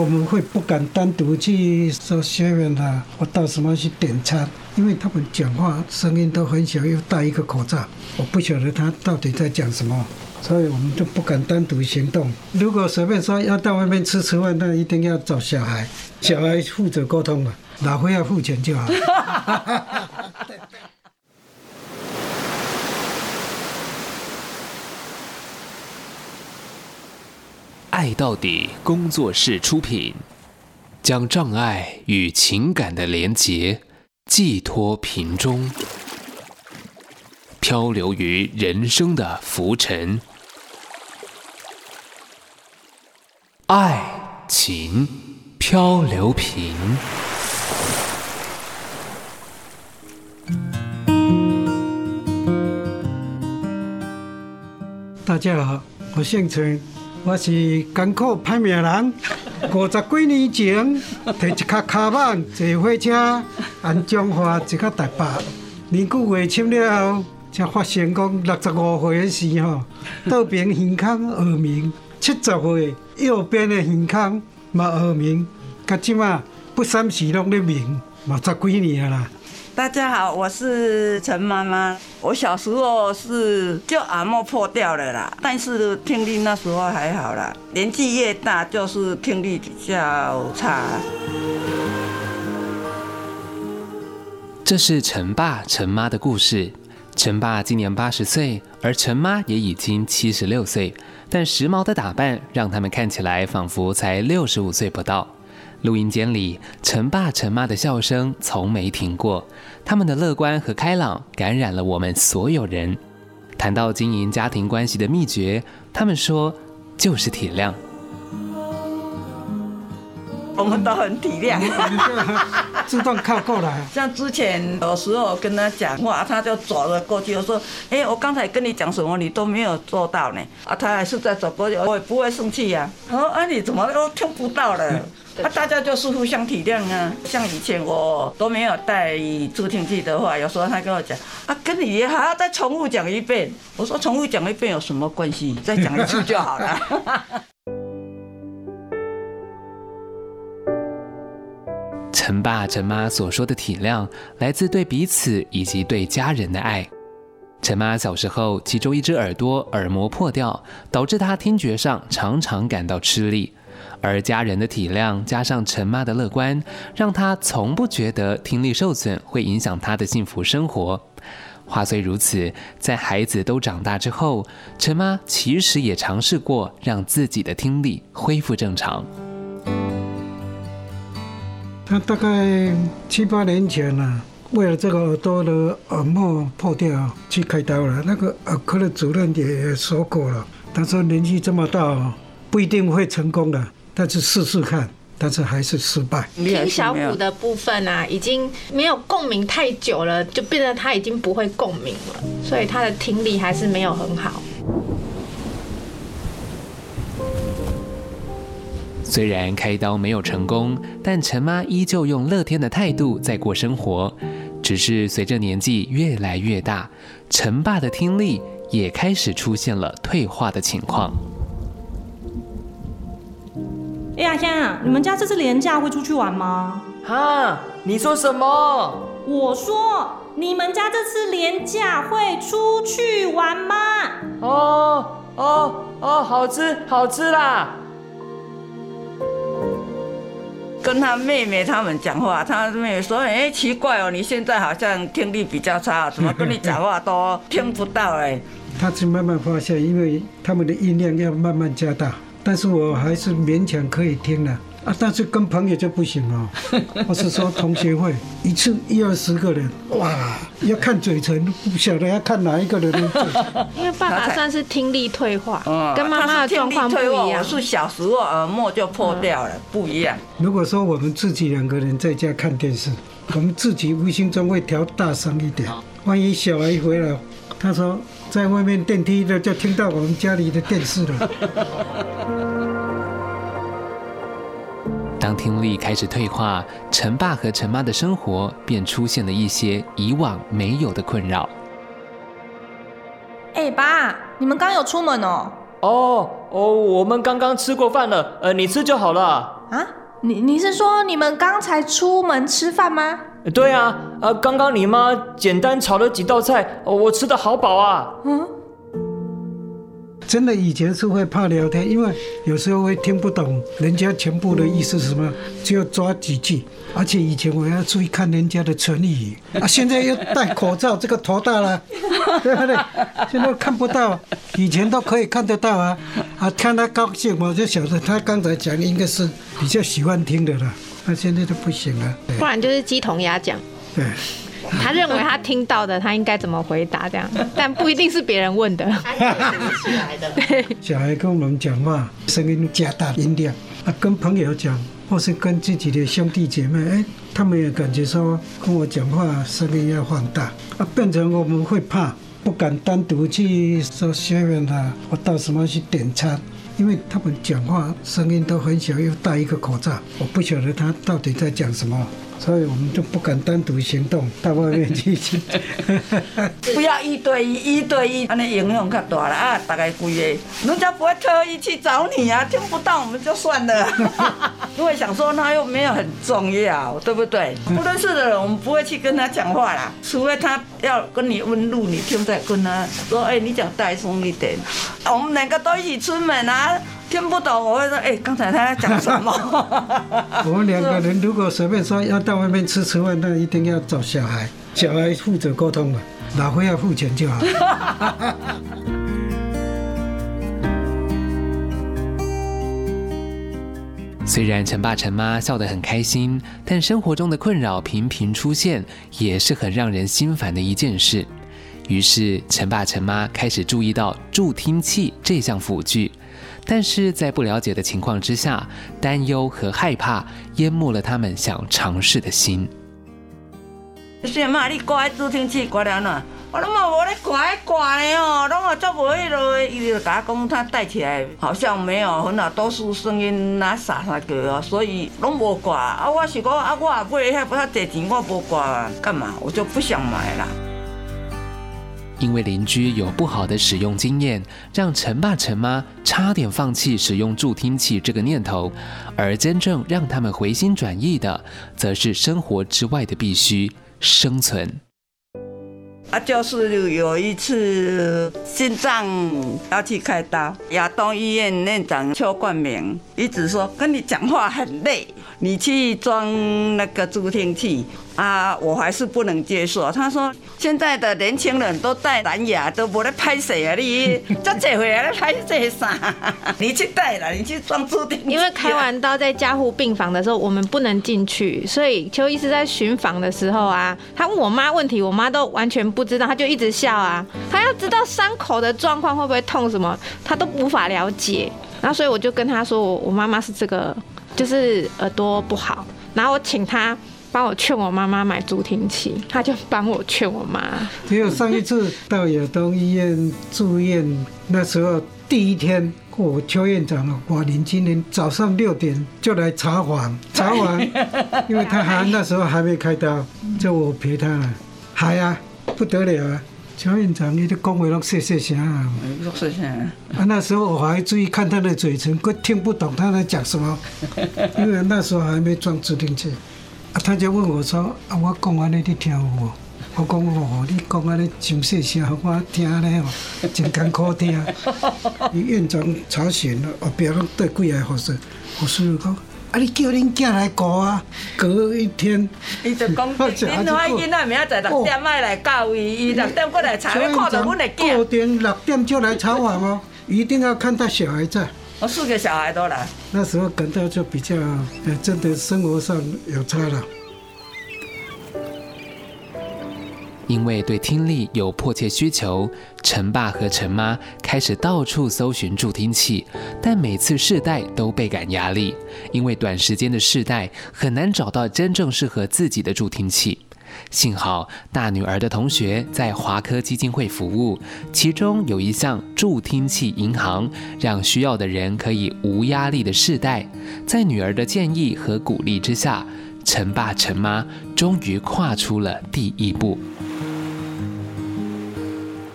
我們會不敢單獨去說學便的，我到什麼去點餐？因為他們講話聲音都很小，又戴一個口罩，我不曉得他到底在講什麼，所以我們就不敢單獨行動。如果隨便說要到外面吃吃飯，那一定要找小孩，小孩負責溝通嘛，老婆要付錢就好 愛到底工作室出品，將障礙與情感的連結寄託瓶中，漂流於人生的浮沉，礙情漂流瓶。大家好，我姓陳。我是艱苦歹命人，五十幾年前提一卡卡板坐火車，往彰化一個台北，年久月深了，才發現講六十五歲的時候，左邊耳孔耳鳴；七十歲，右邊的耳孔嘛耳鳴。到即馬不三時攏咧鳴，嘛十幾年啊啦。大家好，我是陳媽媽。我小時候是就耳膜破掉了啦，但是聽力那時候還好啦。年紀越大，就是聽力比較差。這是陳爸、陳媽的故事。陳爸今年八十歲，而陳媽也已經七十六歲，但時髦的打扮讓他們看起來仿佛才六十五歲不到。錄音間裡，陳爸陳媽的笑聲從沒停過。他們的樂觀和開朗感染了我們所有人。談到經營家庭關係的秘訣，他們說就是體諒。嗯、我們都很體諒， 自動靠過來。像之前有時候跟他講話，他就走了過去。我說：“哎、欸，我剛才跟你講什麼，你都沒有做到呢。”啊，他還是在走過去，我也不會生氣呀、啊。我、哦、說、啊：“你怎麼都聽不到了？”嗯啊、大家就是互相體諒啊。像以前我都沒有帶助聽器的話，有時候他跟我講，啊，跟你還要、啊、再重複講一遍。我說：“重複講一遍有什麼關係？再講一次就好了。嗯” 陳爸、陳媽所說的體諒，來自對彼此以及對家人的愛。陳媽小時候，其中一隻耳朵耳膜破掉，導致她聽覺上常常感到吃力。而家人的體諒加上陳媽的樂觀，讓她從不覺得聽力受損會影響她的幸福生活。話雖如此，在孩子都長大之後，陳媽其實也嘗試過讓自己的聽力恢復正常。他大概七八年前了、啊，為了這個耳朵的耳膜破掉、哦，去開刀了。那個耳科的主任也說過了，他說年紀這麼大、哦，不一定會成功的，但是試試看。但是還是失敗。聽小骨的部分啊，已經沒有共鳴太久了，就變得他已經不會共鳴了，所以他的聽力還是沒有很好。雖然開刀沒有成功，但陳媽依舊用樂天的態度在過生活。只是隨着年紀越來越大，陳爸的聽力也開始出現了退化的情況。哎呀、欸，先生、啊、你們家這次連假會出去玩嗎？哈、啊？你說什麼？我說你們家這次連假會出去玩嗎？哦哦哦，好吃好吃啦！跟他妹妹他們講話，他妹妹說：“哎、欸，奇怪哦，你現在好像聽力比較差，怎麼跟你講話都聽不到。”哎，他是慢慢發現，因為他們的音量要慢慢加大，但是我還是勉強可以聽了。啊、但是跟朋友就不行了，我是說同學會一次一二十個人，哇，要看嘴唇，不曉得要看哪一個人的。因為爸爸算是聽力退化，跟媽媽的狀況不一樣。他是聽力退化，我是小時候耳膜就破掉了，嗯、不一樣。如果說我們自己兩個人在家看電視，我們自己無形中會調大聲一點。萬一小孩回來，他說在外面電梯的就聽到我們家裡的電視了。 當聽力開始退化，陳爸和陳媽的生活便出現了一些以往沒有的困擾。哎、欸，爸，你們剛有出門哦？哦哦，我們剛剛吃過飯了，呃，你吃就好了啊。啊，你你是說你們剛才出門吃飯嗎？對啊，呃，剛剛你媽簡單炒了幾道菜，我吃得好飽啊。嗯。真的以前是會怕聊天，因為有時候會聽不懂人家全部的意思是什麼，就要抓幾句。而且以前我要注意看人家的唇語，啊，現在又戴口罩， 這個頭大了，對不對？現在看不到，以前都可以看得到啊，啊，看他高興，我就曉得他剛才講的應該是比較喜歡聽的了，那、啊、現在就不行了。不然就是雞同鴨講。對。 他認為他聽到的，他應該怎麼回答這樣？但不一定是別人問的。 對小孩跟我們講話，聲音加大音量啊，跟朋友講，或是跟自己的兄弟姐妹，誒他們也感覺說跟我講話聲音要放大啊，變成我們會怕，不敢單獨去說學員他我到什麼去點餐，因為他們講話聲音都很小，又戴一個口罩，我不曉得他到底在講什麼。所以我們就不敢單獨行動，到外面去去。 不要一對一、一對一，那你影響可大了。啊，大概幾個，人家不會特意去找你啊。聽不到我們就算了。 因為想說，那又沒有很重要，對不對？不認識的人，我們不會去跟他講話啦。除非他要跟你問路，你就在跟他說：“哎、欸，你講大聲一點，我們兩個都一起出門啊。”聽不懂，我會說，哎，剛才他在講什麼？ 我們兩個人如果隨便說要到外面吃吃飯，那一定要找小孩，小孩負責溝通嘛，老夫要付錢就好。 雖然陳爸陳媽笑得很開心，但生活中的困擾頻頻出現，也是很讓人心煩的一件事。於是陳爸陳媽開始注意到助聽器這項輔具。但是在不了解的情況之下，擔憂和害怕淹沒了他們想嘗試的心。是嘛？你掛助聽器掛了哪？我攏嘛無咧掛掛的哦，攏嘛做無迄落，伊就甲我講他戴起來好像沒有很啊多數聲音那啥啥個哦，所以攏無掛。啊，我是講啊，我啊買遐不他借錢我無掛幹嘛？我就不想買了。因為鄰居有不好的使用經驗，讓陳爸陳媽差點放棄使用助聽器這個念頭，而真正讓他們回心轉意的，則是生活之外的必須生存。啊，就是有一次心臟要去開刀，亞東醫院院長邱冠明一直說跟你講話很累，你去裝那個助聽器。啊，我還是不能接受。他說，現在的年輕人都戴藍牙，都不能拍誰啊，你才坐回來拍這啥？你去戴了，你去裝助聽器啊。因為開完刀在加護病房的時候，我們不能進去，所以邱醫師在巡房的時候啊，他問我媽問題，我媽都完全不知道，他就一直笑啊。他要知道傷口的狀況，會不會痛什麼，他都無法了解。然後所以我就跟他說，我我媽媽是這個，就是耳朵不好。然後我請他。幫我勸我媽媽買助聽器，他就幫我勸我媽。只有上一次到亞東醫院住院，那時候第一天，我、哦、邱院長我年輕人早上六點就來查房，查完，因為他還那時候還沒開刀，叫我陪他。還啊，不得了啊！邱院長，你的講話攏謝說聲啊，攏說聲啊。那時候我還注意看他的嘴唇，可聽不懂他在講什麼，因為那時候還沒裝助聽器。他就問我說：“啊，我講安尼你聽有無？我講哦，你講安尼上細聲，我聽安尼哦，真艱苦聽。” 院長查醒了，後壁攏帶過來護士，護士講：“啊，你叫恁囡來過啊，隔一天。說”你就講：“明天囡仔明仔載六點愛來教伊，伊六過過點過來查，來看到阮的囡。”過點六點就來查房哦， 一定要看到小孩子。我四個小孩都來，那時候感到就比較，哎，真的生活上有差了。因為對聽力有迫切需求，陳爸和陳媽開始到處搜尋助聽器，但每次試戴都倍感壓力，因為短時間的試戴很難找到真正適合自己的助聽器。幸好大女兒的同學在華科基金會服務，其中有一項助聽器銀行，讓需要的人可以無壓力的試戴。在女兒的建議和鼓勵之下，陳爸陳媽終於跨出了第一步。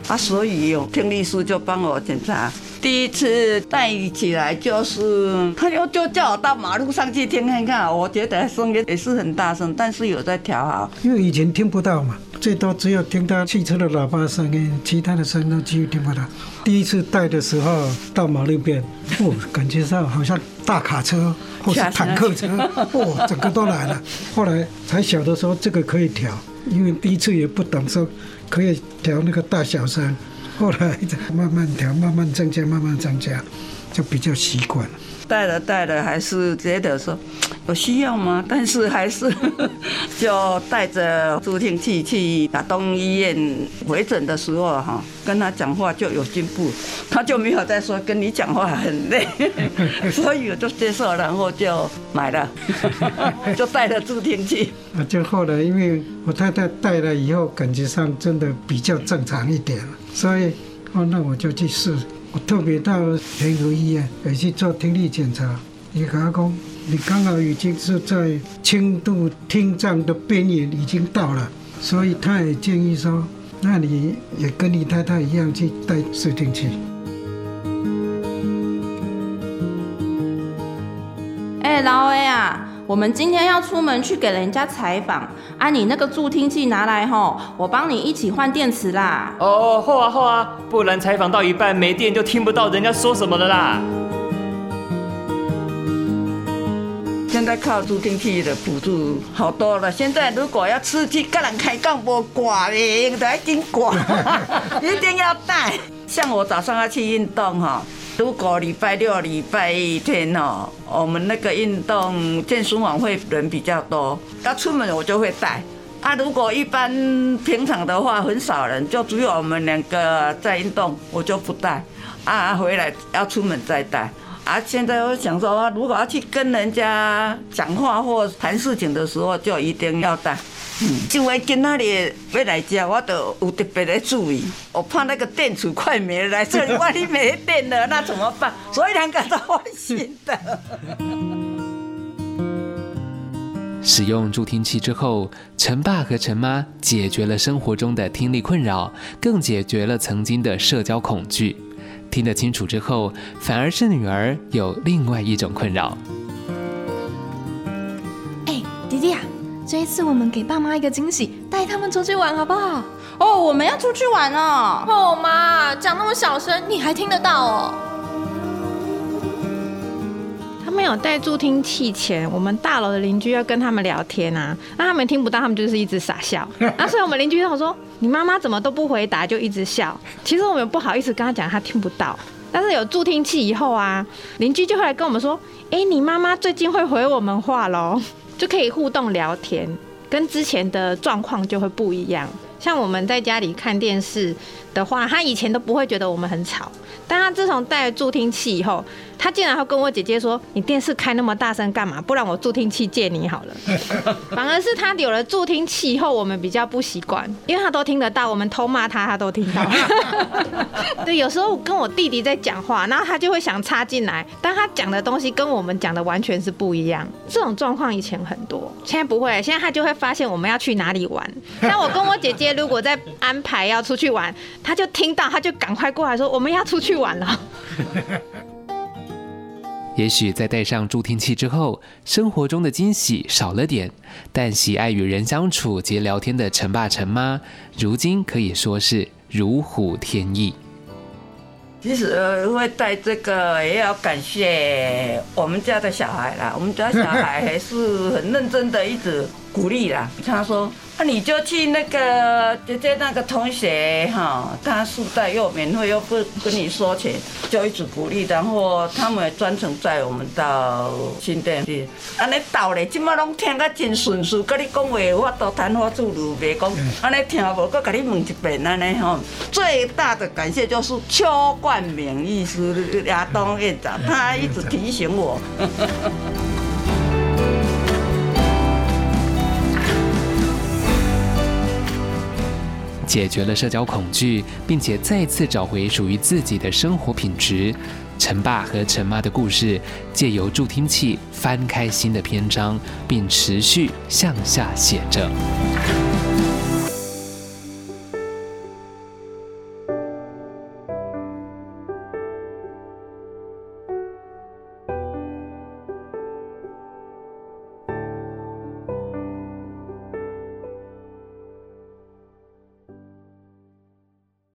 啊，所以有聽力師就幫我檢查。第一次帶起來就是，他就叫我到馬路上去聽看看。我覺得聲音也是很大聲，但是有在調好，因為以前聽不到嘛，最多只有聽到汽車的喇叭聲音，其他的聲都幾乎聽不到。第一次帶的時候到馬路邊，哦，感覺上好像大卡車或是坦克車，哦，整個都來了。後來才曉得說這個可以調，因為第一次也不懂說可以調那個大小聲。後來慢慢調，慢慢增加，慢慢增加，就比較習慣了。戴了戴了，還是覺得說有需要嗎？但是還是就帶着助聽器去打東醫院回診的時候，哈，跟他講話就有進步，他就沒有再說跟你講話很累，所以我就接受，然後就買了，就帶了助聽器。就後來，因為我太太戴了以後，感覺上真的比較正常一點。所以，哦，那我就去試。我特別到協和醫院也去做聽力檢查。你個阿公，你剛好已經是在輕度聽障的邊緣已經到了，所以他也建議說，那你也跟你太太一樣去戴助聽器。哎、欸，老魏啊！我們今天要出門去給人家採訪，啊，你那個助聽器拿來吼，我幫你一起換電池啦。哦，好啊，好啊，不然採訪到一半沒電就聽不到人家說什麼了啦。現在靠助聽器的輔助好多了，現在如果要出去跟人開廣播，掛的都愛聽掛， 一定要帶。像我早上要去運動哈。如果禮拜六、禮拜一天哦，我們那個運動健身晚會人比較多，要出門我就會帶。啊，如果一般平常的話，很少人，就只有我們兩個在運動，我就不帶。啊，回來要出門再帶。啊，現在我想說，如果要去跟人家講話或談事情的時候，就一定要戴，嗯。嗯、因為跟那裡外來家，我都有特別的注意，我怕那個電池快沒，來這裡萬一沒電了，那怎麼辦？所以他們感到放心的。 使用助聽器之後，陳爸和陳媽解決了生活中的聽力困擾，更解決了曾經的社交恐懼。聽得清楚之後，反而是女兒有另外一種困擾。哎、欸，弟弟啊，這一次我們給爸媽一個驚喜，帶他們出去玩好不好？哦，我們要出去玩哦！哦，媽，講那麼小聲，你還聽得到哦？沒有戴助聽器前，我們大樓的鄰居要跟他們聊天啊，那、啊、他們聽不到，他們就是一直傻笑。那、 啊、所以我們鄰居跟我說：“你媽媽怎麼都不回答，就一直笑。”其實我們不好意思跟他講，他聽不到。但是有助聽器以後啊，鄰居就會來跟我們說：“哎，你媽媽最近會回我們話嘍，就可以互動聊天，跟之前的狀況就會不一樣。”像我們在家裡看電視的話，他以前都不會覺得我們很吵，但他自從戴助聽器以後。他竟然會跟我姐姐說：“你電視開那麼大聲幹嘛？不然我助聽器借你好了。”反而是他有了助聽器以後，我們比較不習慣，因為他都聽得到，我們偷罵他，他都聽到。 對，有時候跟我弟弟在講話，然後他就會想插進來，但他講的東西跟我們講的完全是不一樣。這種狀況以前很多，現在不會。現在他就會發現我們要去哪裡玩。像我跟我姐姐如果在安排要出去玩，他就聽到，他就趕快過來說：“我們要出去玩了。”也許在戴上助聽器之後，生活中的驚喜少了點，但喜愛與人相處及聊天的陳爸陳媽，如今可以說是如虎添翼。其實，會戴這個，也要感謝我們家的小孩啦。我們家小孩還是很認真的，一直。鼓勵了他說：“那、啊、你就去那個姐姐那個同學哈、哦，他是在又免費又不跟你收錢，就一直鼓勵。然後他們專程載我們到新店去，安尼道理今麼都聽得真順順，跟你講話我都談話自如，袂講安尼聽無，擱跟你問一遍安尼。最大的感謝就是邱冠明醫師、亞東院長，他一直提醒我。嗯”嗯嗯嗯 解決了社交恐懼，並且再次找回屬於自己的生活品質。陳爸和陳媽的故事，借由助聽器翻開新的篇章，並持續向下寫着。